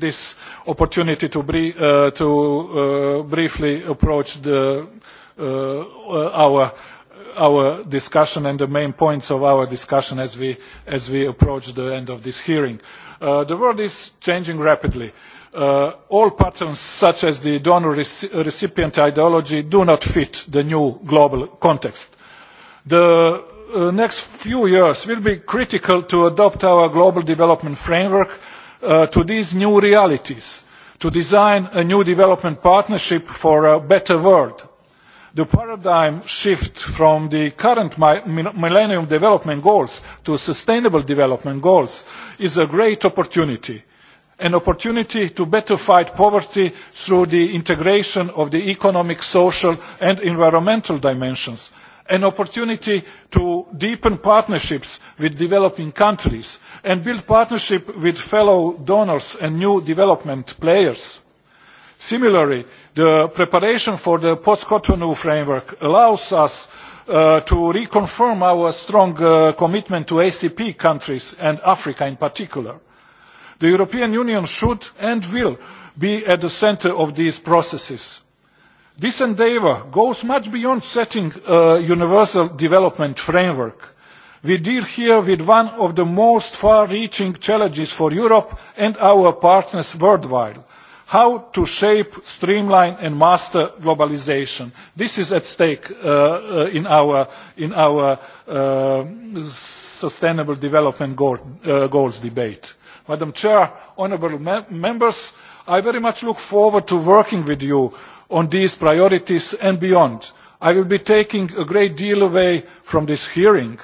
this opportunity to, bri uh, to uh, briefly approach the, uh, our, our discussion and the main points of our discussion as we, as we approach the end of this hearing. Uh, the world is changing rapidly. Uh, all patterns such as the donor rec recipient ideology do not fit the new global context. The uh, next few years will be critical to adopt our global development framework uh, to these new realities, to design a new development partnership for a better world. The paradigm shift from the current Millennium Development Goals to Sustainable Development Goals is a great opportunity, an opportunity to better fight poverty through the integration of the economic, social and environmental dimensions an opportunity to deepen partnerships with developing countries and build partnership with fellow donors and new development players. Similarly, the preparation for the post-Cotonou framework allows us uh, to reconfirm our strong uh, commitment to ACP countries and Africa in particular. The European Union should and will be at the center of these processes This endeavour goes much beyond setting a universal development framework. We deal here with one of the most far-reaching challenges for Europe and our partners worldwide, how to shape, streamline and master globalization. This is at stake uh, uh in our, in our uh, sustainable development goal, uh, goals debate. Madam Chair, honourable me members, I very much look forward to working with you on these priorities and beyond. I will be taking a great deal away from this hearing.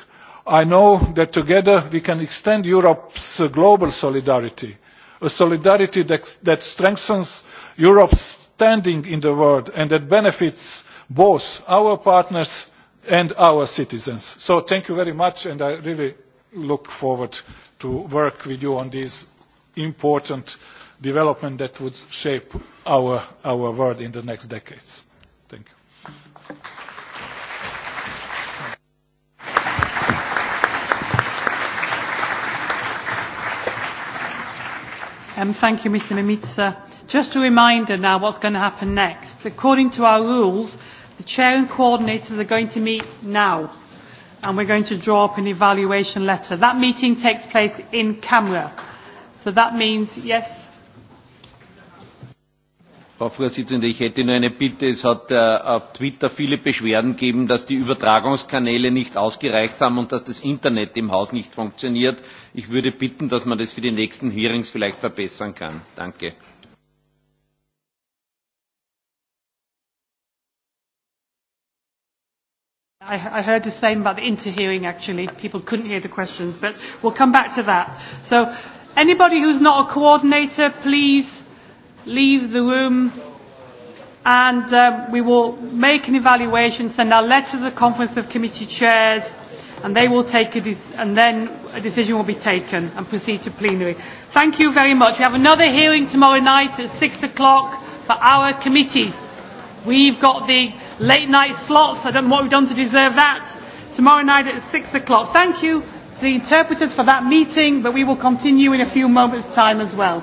I know that together we can extend Europe's global solidarity, a solidarity that, that strengthens Europe's standing in the world and that benefits both our partners and our citizens. So thank you very much and I really look forward to work with you on these important development that would shape our, our world in the next decades. Thank you. Um, thank you, Mr. Mimica. Just a reminder now what's going to happen next. According to our rules, the chair and coordinators are going to meet now and we're going to draw up an evaluation letter. That meeting takes place in camera. So that means, yes, Frau Vorsitzende, ich hätte nur eine Bitte. Es hat äh, auf Twitter viele Beschwerden gegeben, dass die Übertragungskanäle nicht ausgereicht haben und dass das Internet im Haus nicht funktioniert. Ich würde bitten, dass man das für die nächsten Hearings vielleicht verbessern kann. Danke. I, I heard the same about the interhearing actually. People couldn't hear the questions, but we'll come back to that. So anybody who's not a coordinator, please leave the room and um, we will make an evaluation, send our letter to the Conference of Committee Chairs and they will take a and then a decision will be taken and proceed to plenary. Thank you very much. We have another hearing tomorrow night at 6 o'clock for our committee. We've got the late night slots. I don't know what we've done to deserve that. Tomorrow night at 6 o'clock. Thank you to the interpreters for that meeting, but we will continue in a few moments' time as well.